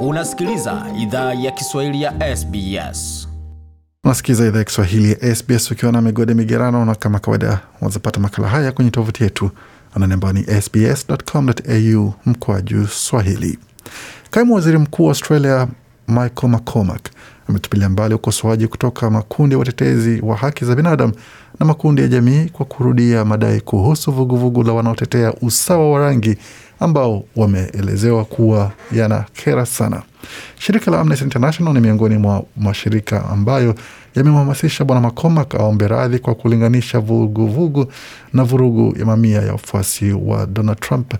Unasikiliza idhaa ya Kiswahili ya SBS. Unasikiliza idhaa ya Kiswahili ya SBS ukiwa na migode migerano, na kama kawaida wazapata makala haya kwenye tovuti yetu anani ambayo ni sbs.com.au mkoa juu Swahili. Kaimu waziri mkuu wa Australia Michael McCormack ametupilia mbali ukosoaji kutoka makundi ya watetezi wa haki za binadamu na makundi ya jamii kwa kurudia madai kuhusu vuguvugu vugu la wanaotetea usawa wa rangi ambao wameelezewa kuwa yana kera sana. Shirika la Amnesty International ni miongoni mwa mashirika ambayo yamemhamasisha Bwana Macomak aombe radhi kwa kulinganisha vuguvugu vugu na vurugu ya mamia ya wafuasi wa Donald Trump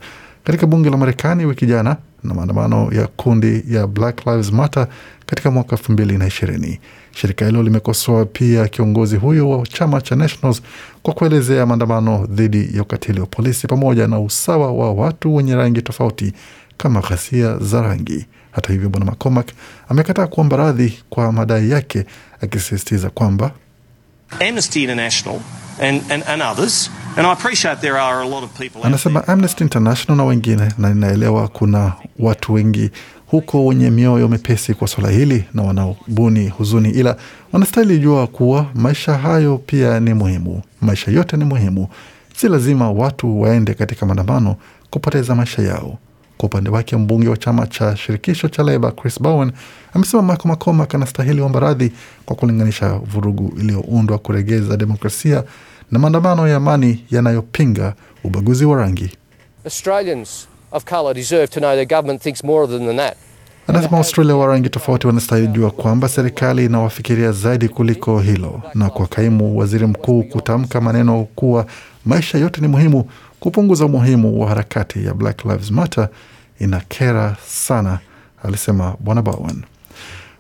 katika bunge la Marekani wiki jana na maandamano ya kundi ya Black Lives Matter katika mwaka elfu mbili na ishirini. Shirika hilo limekosoa pia kiongozi huyo wa chama cha Nationals kwa kuelezea maandamano dhidi ya ukatili wa polisi pamoja na usawa wa watu wenye rangi tofauti kama ghasia za rangi. Hata hivyo, bwana McCormack amekataa kuomba radhi kwa madai yake, akisisitiza kwamba Amnesty International and, and, and others. And I appreciate there are a lot of people anasema Amnesty International na wengine, na inaelewa kuna watu wengi huko wenye mioyo mepesi kwa swala hili na wanaobuni huzuni, ila wanastahili jua kuwa maisha hayo pia ni muhimu. Maisha yote ni muhimu, si lazima watu waende katika maandamano kupoteza maisha yao. Kwa upande wake mbunge wa chama cha shirikisho cha Leba Chris Bowen amesema Michael McCormack anastahili omba radhi kwa kulinganisha vurugu iliyoundwa kuregeza demokrasia na maandamano ya amani yanayopinga ubaguzi wa rangi. Anasema Australia wa rangi tofauti wanastahili jua kwamba serikali inawafikiria zaidi kuliko hilo, na kwa kaimu waziri mkuu kutamka maneno kuwa maisha yote ni muhimu kupunguza umuhimu wa harakati ya Black Lives Matter inakera sana, alisema Bwana Bowen.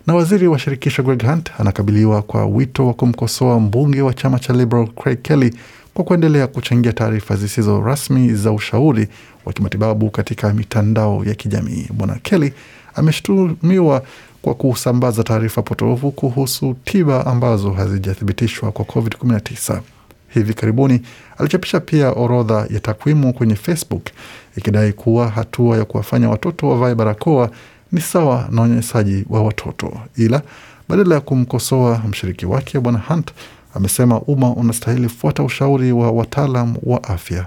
Na waziri wa shirikisho Greg Hunt anakabiliwa kwa wito wa kumkosoa mbunge wa chama cha Liberal Craig Kelly kwa kuendelea kuchangia taarifa zisizo rasmi za ushauri wa kimatibabu katika mitandao ya kijamii. Bwana Kelly ameshutumiwa kwa kusambaza taarifa potofu kuhusu tiba ambazo hazijathibitishwa kwa COVID-19 hivi karibuni alichapisha pia orodha ya takwimu kwenye Facebook ikidai kuwa hatua ya kuwafanya watoto wavae barakoa ni sawa na unyanyasaji wa watoto, ila badala ya kumkosoa mshiriki wake Bwana Hunt amesema umma unastahili fuata ushauri wa wataalam wa afya.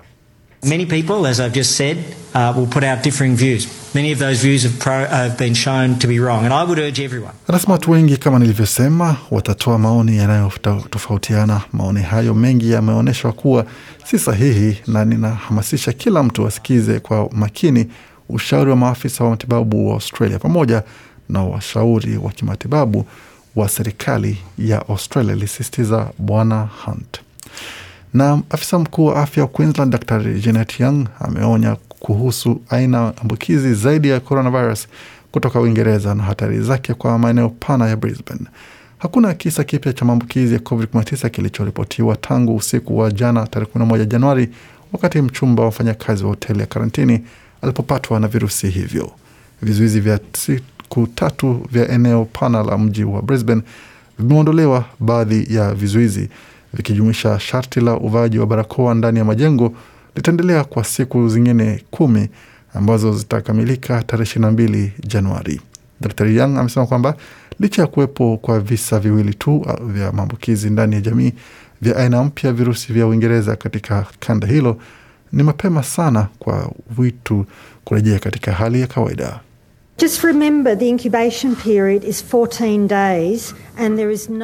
Many people, as I've just said, uh, will put out differing views. Many of those views have, pro, have been shown to be wrong and I would urge everyone. Rasma watu wengi kama nilivyosema, watatoa maoni yanayotofautiana. Maoni hayo mengi yameonyeshwa kuwa si sahihi, na ninahamasisha kila mtu asikize kwa makini ushauri wa maafisa wa matibabu wa Australia pamoja na washauri wa kimatibabu wa serikali ya Australia, lisisitiza Bwana Hunt. Na afisa mkuu wa afya wa Queensland Dr Janet Young ameonya kuhusu aina ambukizi zaidi ya coronavirus kutoka Uingereza na hatari zake kwa maeneo pana ya Brisbane. Hakuna kisa kipya cha maambukizi ya COVID-19 kilichoripotiwa tangu usiku wa jana tarehe 11 Januari, wakati mchumba wa wafanyakazi wa hoteli ya karantini alipopatwa na virusi hivyo. Vizuizi vya siku tatu vya eneo pana la mji wa Brisbane vimeondolewa baadhi ya vizuizi likijumuisha sharti la uvaaji wa barakoa ndani ya majengo litaendelea kwa siku zingine kumi ambazo zitakamilika tarehe ishirini na mbili Januari. Dr Young amesema kwamba licha ya kuwepo kwa visa viwili tu uh, vya maambukizi ndani ya jamii vya aina mpya virusi vya Uingereza katika kanda hilo, ni mapema sana kwa vitu kurejea katika hali ya kawaida.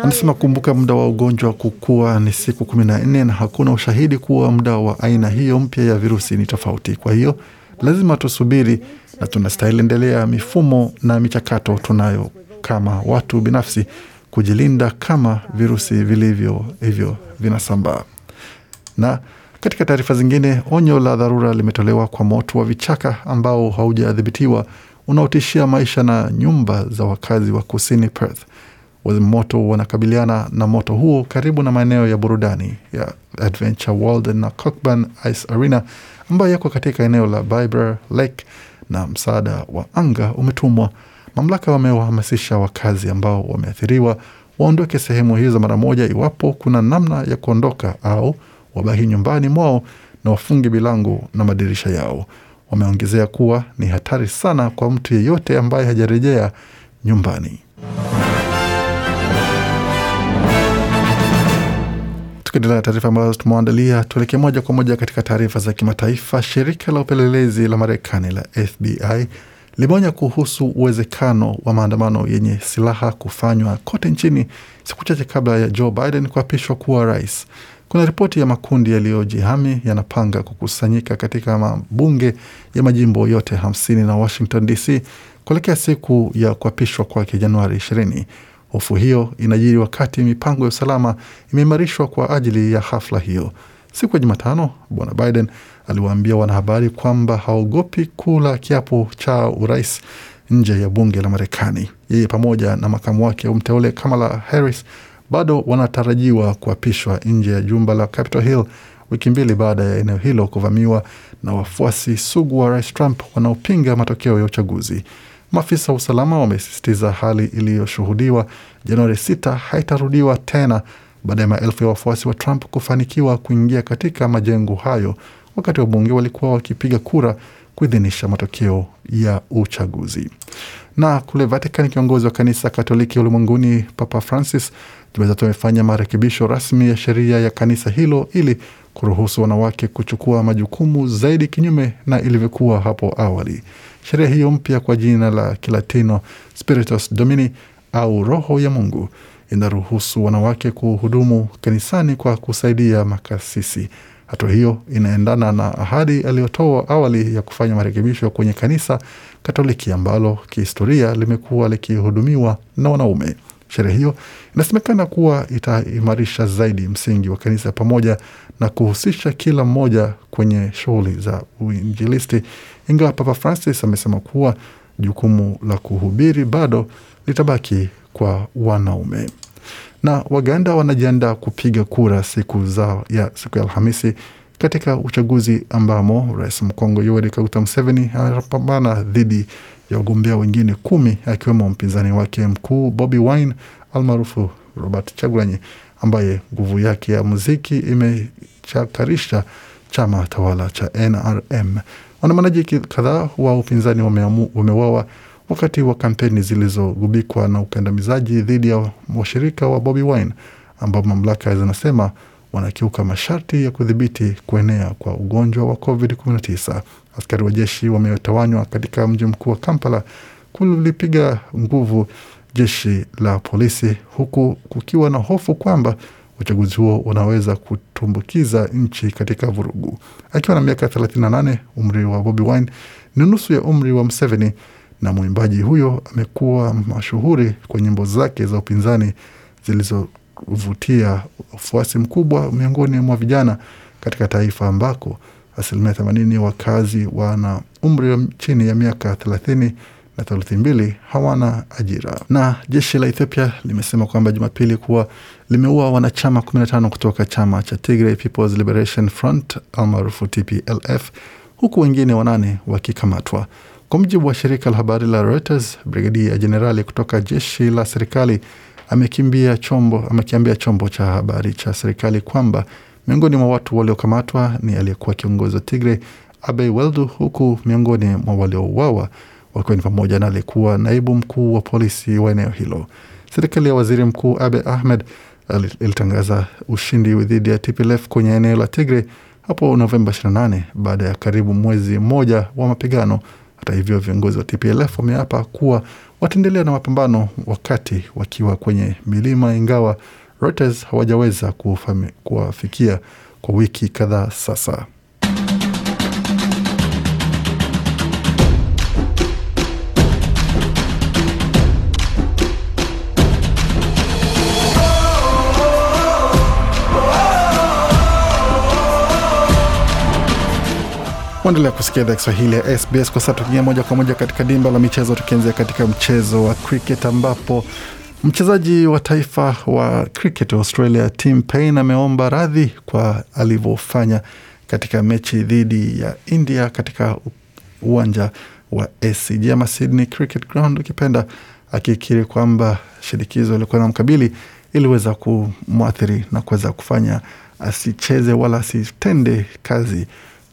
Anasema kumbuka, muda wa ugonjwa kukua ni siku kumi na nne na hakuna ushahidi kuwa muda wa aina hiyo mpya ya virusi ni tofauti. Kwa hiyo lazima tusubiri, na tunastahili endelea mifumo na michakato tunayo kama watu binafsi kujilinda kama virusi vilivyo hivyo vinasambaa. Na katika taarifa zingine, onyo la dharura limetolewa kwa moto wa vichaka ambao haujadhibitiwa unaotishia maisha na nyumba za wakazi wa kusini Perth. Wazimamoto wanakabiliana na moto huo karibu na maeneo ya burudani ya Adventure World na Cockburn Ice Arena ambayo yako katika eneo la Bibra Lake, na msaada wa anga umetumwa. Mamlaka wamewahamasisha wakazi ambao wameathiriwa waondoke sehemu hizo mara moja, iwapo kuna namna ya kuondoka, au wabaki nyumbani mwao na wafunge milango na madirisha yao wameongezea kuwa ni hatari sana kwa mtu yeyote ambaye hajarejea nyumbani. Tukiendelea na taarifa ambazo tumeandalia, tuelekee moja kwa moja katika taarifa za kimataifa. Shirika la upelelezi la Marekani la FBI limeonya kuhusu uwezekano wa maandamano yenye silaha kufanywa kote nchini siku chache kabla ya Joe Biden kuapishwa kuwa rais. Kuna ripoti ya makundi yaliyojihami yanapanga kukusanyika katika mabunge ya majimbo yote hamsini na Washington DC kuelekea siku ya kuapishwa kwake Januari ishirini. Hofu hiyo inajiri wakati mipango ya usalama imeimarishwa kwa ajili ya hafla hiyo. Siku ya Jumatano, Bwana Biden aliwaambia wanahabari kwamba haogopi kula kiapo cha urais nje ya bunge la Marekani. Yeye pamoja na makamu wake umteule Kamala Harris bado wanatarajiwa kuapishwa nje ya jumba la Capitol Hill wiki mbili baada ya eneo hilo kuvamiwa na wafuasi sugu wa rais Trump wanaopinga matokeo ya uchaguzi. Maafisa wa usalama wamesisitiza hali iliyoshuhudiwa Januari 6 haitarudiwa tena baada ya maelfu ya wafuasi wa Trump kufanikiwa kuingia katika majengo hayo wakati wabunge walikuwa wakipiga kura kuidhinisha matokeo ya uchaguzi. Na kule Vatican, kiongozi wa kanisa Katoliki ulimwenguni Papa Francis Jumatatu amefanya marekebisho rasmi ya sheria ya kanisa hilo ili kuruhusu wanawake kuchukua majukumu zaidi, kinyume na ilivyokuwa hapo awali. Sheria hiyo mpya kwa jina la Kilatino Spiritus Domini au roho ya Mungu inaruhusu wanawake kuhudumu kanisani kwa kusaidia makasisi. Hatua hiyo inaendana na ahadi aliyotoa awali ya kufanya marekebisho kwenye kanisa Katoliki ambalo kihistoria limekuwa likihudumiwa na wanaume. Sherehe hiyo inasemekana kuwa itaimarisha zaidi msingi wa kanisa pamoja na kuhusisha kila mmoja kwenye shughuli za uinjilisti, ingawa Papa Francis amesema kuwa jukumu la kuhubiri bado litabaki kwa wanaume na Waganda wanajiandaa kupiga kura siku zao ya siku ya Alhamisi katika uchaguzi ambamo rais mkongwe Yoweri Kaguta Museveni anapambana dhidi ya wagombea wengine kumi akiwemo mpinzani wake mkuu Bobi Wine almaarufu Robert Chagulanyi ambaye nguvu yake ya muziki imechakarisha chama tawala cha NRM. Waandamanaji kadhaa wa upinzani wameuawa wakati wa kampeni zilizogubikwa na ukandamizaji dhidi ya washirika wa Bobi Wine ambao mamlaka zinasema wanakiuka masharti ya kudhibiti kuenea kwa ugonjwa wa COVID-19. Askari wa jeshi wametawanywa katika mji mkuu wa Kampala kulipiga nguvu jeshi la polisi, huku kukiwa na hofu kwamba uchaguzi huo unaweza kutumbukiza nchi katika vurugu. Akiwa na miaka 38, umri wa Bobi Wine ni nusu ya umri wa Museveni na mwimbaji huyo amekuwa mashuhuri kwa nyimbo zake za upinzani zilizovutia ufuasi mkubwa miongoni mwa vijana katika taifa ambako asilimia themanini wakazi wana umri wa chini ya miaka thelathini na theluthi mbili hawana ajira. Na jeshi la Ethiopia limesema kwamba Jumapili kuwa limeua wanachama 15 kutoka chama cha Tigray People's Liberation Front almaarufu TPLF, huku wengine wanane wakikamatwa. Kwa mujibu wa shirika la habari la Reuters, brigadia jenerali kutoka jeshi la serikali amekiambia chombo, amekiambia chombo cha habari cha serikali kwamba miongoni mwa watu waliokamatwa ni aliyekuwa kiongozi wa Tigre Abiy Weldu, huku miongoni mwa waliouawa wakiwa ni pamoja na aliyekuwa naibu mkuu wa polisi wa eneo hilo. Serikali ya waziri mkuu Abe Ahmed ilitangaza ushindi dhidi ya TPLF kwenye eneo la tigre hapo Novemba 28 baada ya karibu mwezi mmoja wa mapigano hata hivyo, viongozi wa TPLF wameapa kuwa wataendelea na mapambano wakati wakiwa kwenye milima, ingawa Reuters hawajaweza kuwafikia kwa wiki kadhaa sasa. Waendelea kusikia idhaa Kiswahili ya SBS. Kwa sasa tukiingia moja kwa moja katika dimba la michezo, tukianzia katika mchezo wa cricket ambapo mchezaji wa taifa wa cricket wa Australia Tim Payne ameomba radhi kwa alivyofanya katika mechi dhidi ya India katika uwanja wa SCG ama Sydney Cricket Ground ukipenda, akikiri kwamba shinikizo ilikuwa na mkabili iliweza kumwathiri na kuweza kufanya asicheze wala asitende kazi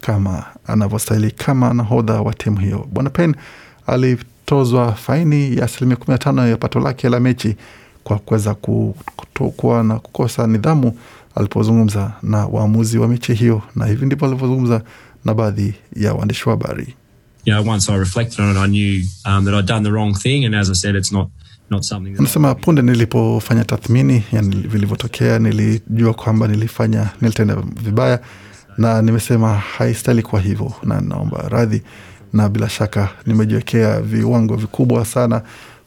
kama anavyostahili kama nahodha wa timu hiyo. Bwana Pen alitozwa faini ya asilimia kumi na tano ya pato lake la mechi kwa kuweza kutokuwa na kukosa nidhamu alipozungumza na waamuzi wa mechi hiyo, na hivi ndivyo alivyozungumza na baadhi ya waandishi wa habari. Um, Anasema punde nilipofanya tathmini ya vilivyotokea, nilijua kwamba nilifanya nilitenda vibaya na nimesema haistahili kwa hivyo, na naomba radhi, na bila shaka nimejiwekea viwango vikubwa sana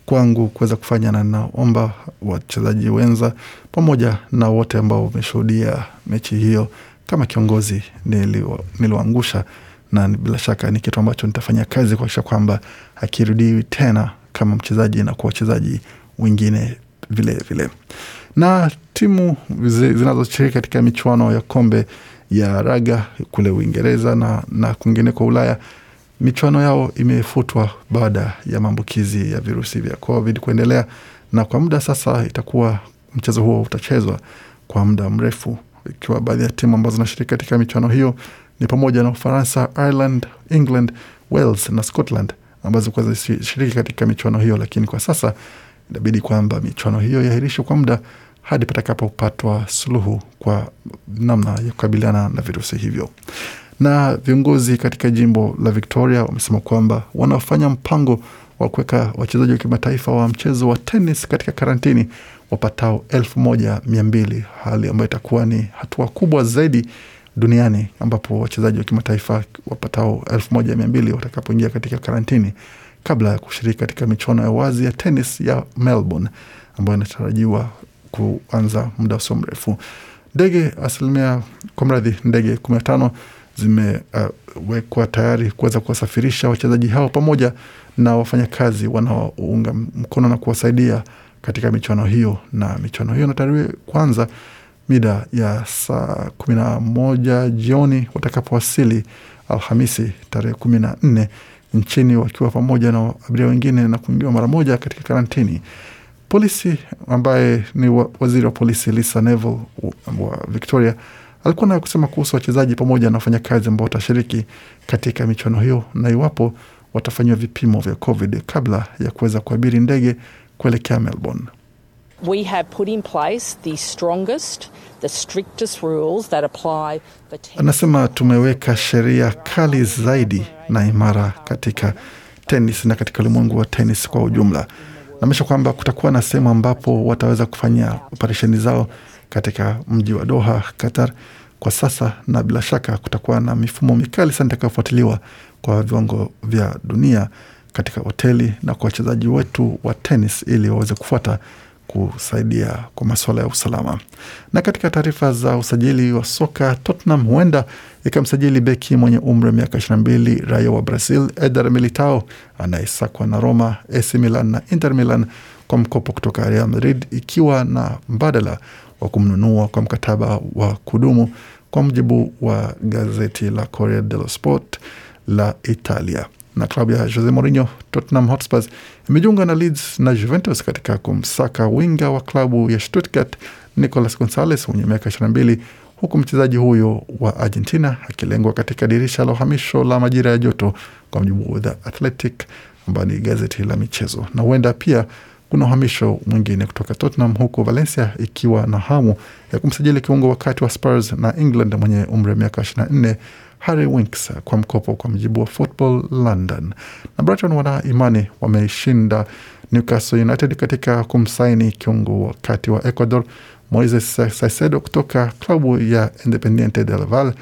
kwangu kuweza kufanya, na naomba wachezaji wenza pamoja na wote ambao wameshuhudia mechi hiyo, kama kiongozi niliwaangusha, na bila shaka ni kitu ambacho nitafanya kazi kuakisha kwamba akirudiwi tena kama mchezaji na kwa wachezaji wengine vilevile Na timu zinazoshiriki katika michuano ya kombe ya raga kule Uingereza na, na kwingine kwa Ulaya, michuano yao imefutwa baada ya maambukizi ya virusi vya COVID kuendelea, na kwa muda sasa itakuwa mchezo huo utachezwa kwa muda mrefu, ikiwa baadhi ya timu ambazo zinashiriki katika michuano hiyo ni pamoja na Ufaransa, Ireland, England, Wales na Scotland ambazo kuwa zishiriki katika michuano hiyo, lakini kwa sasa inabidi kwamba michuano hiyo iahirishwe kwa muda hadi patakapopatwa suluhu kwa namna ya kukabiliana na virusi hivyo. Na viongozi katika jimbo la Victoria wamesema kwamba wanafanya mpango wa kuweka wachezaji wa kimataifa wa mchezo wa tenis katika karantini wapatao elfu moja mia mbili, hali ambayo itakuwa ni hatua kubwa zaidi duniani ambapo wachezaji wa kimataifa wapatao elfu moja mia mbili watakapoingia katika karantini kabla ya kushiriki katika michuano ya wazi ya tenis ya Melbourne ambayo inatarajiwa kuanza muda usio mrefu. Ndege asilimia kwa mradhi, ndege kumi na tano zimewekwa uh, tayari kuweza kuwasafirisha wachezaji hao pamoja na wafanyakazi wanaounga mkono na kuwasaidia katika michuano hiyo, na michuano hiyo inatarajiwa kwanza mida ya saa kumi na moja jioni watakapowasili Alhamisi tarehe kumi na nne nchini wakiwa pamoja na abiria wengine na kuingiwa mara moja katika karantini polisi ambaye ni waziri wa polisi Lisa Neville wa Victoria alikuwa nayo kusema kuhusu wachezaji pamoja na wafanyakazi ambao watashiriki katika michuano hiyo na iwapo watafanyiwa vipimo vya COVID kabla ya kuweza kuabiri ndege kuelekea Melbourne. We have put in place the strongest, the strictest rules that apply for... Anasema tumeweka sheria kali zaidi na imara katika tenis na katika ulimwengu wa tenis kwa ujumla namaanisha kwamba kutakuwa na sehemu ambapo wataweza kufanyia operesheni zao katika mji wa Doha, Qatar kwa sasa, na bila shaka kutakuwa na mifumo mikali sana itakayofuatiliwa kwa viwango vya dunia katika hoteli na kwa wachezaji wetu wa tenis ili waweze kufuata kusaidia kwa masuala ya usalama. Na katika taarifa za usajili wa soka, Tottenham huenda ikamsajili beki mwenye umri wa miaka 22 raia wa Brazil Eder Militao anayesakwa na Roma, AC Milan na Inter Milan kwa mkopo kutoka Real Madrid, ikiwa na mbadala wa kumnunua kwa mkataba wa kudumu, kwa mujibu wa gazeti la Corriere dello Sport la Italia na klabu ya Jose Mourinho, Tottenham Hotspur imejiunga na Leeds na Juventus katika kumsaka winga wa klabu ya Stuttgart Nicolas Gonzalez mwenye miaka 22 huku mchezaji huyo wa Argentina akilengwa katika dirisha la uhamisho la majira ya joto, kwa mujibu wa The Athletic ambayo ni gazeti la michezo. Na huenda pia kuna uhamisho mwingine kutoka Tottenham, huku Valencia ikiwa na hamu ya kumsajili kiungo wakati wa Spurs na England mwenye umri wa miaka 24 Harry Winks kwa mkopo, kwa mjibu wa Football London. Na Brighton wana imani wameshinda Newcastle United katika kumsaini kiungo wakati wa Ecuador Moises Caicedo kutoka klabu ya Independiente del Valle.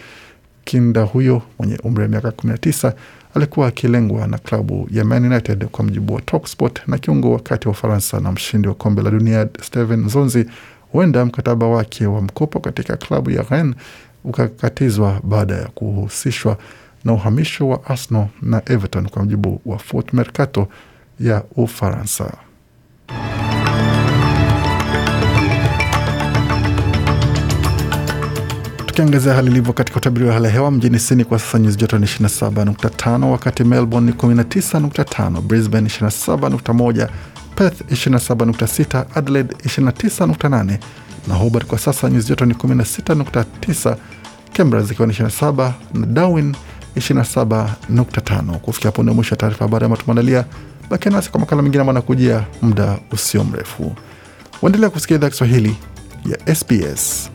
Kinda huyo mwenye umri wa miaka 19 alikuwa akilengwa na klabu ya Man United kwa mjibu wa Talksport, na kiungo wakati wa Ufaransa na mshindi wa kombe la dunia Steven Zonzi huenda mkataba wake wa mkopo katika klabu ya Rennes ukakatizwa baada ya kuhusishwa na uhamisho wa Arsenal na Everton kwa mujibu wa Foot Mercato ya Ufaransa. Tukiangazia hali ilivyo katika utabiri wa hali ya hewa mjini Sydney kwa sasa nyuzi joto ni 27.5, wakati Melbourne ni 19.5, Brisbane 27.1, Perth 27.6, Adelaide 29.8 na Hobart kwa sasa nyuzi joto ni 16.9 Canberra zikiwa ni 27 na Darwin 27.5. Kufikia hapo ndio mwisho wa taarifa habari ambayo tumeandalia. Bakia nasi kwa makala mengine ambayo anakujia muda usio mrefu. Waendelea kusikia idhaa Kiswahili ya SBS.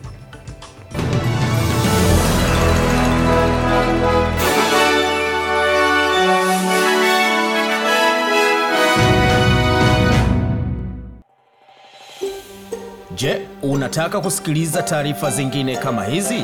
Je, unataka kusikiliza taarifa zingine kama hizi?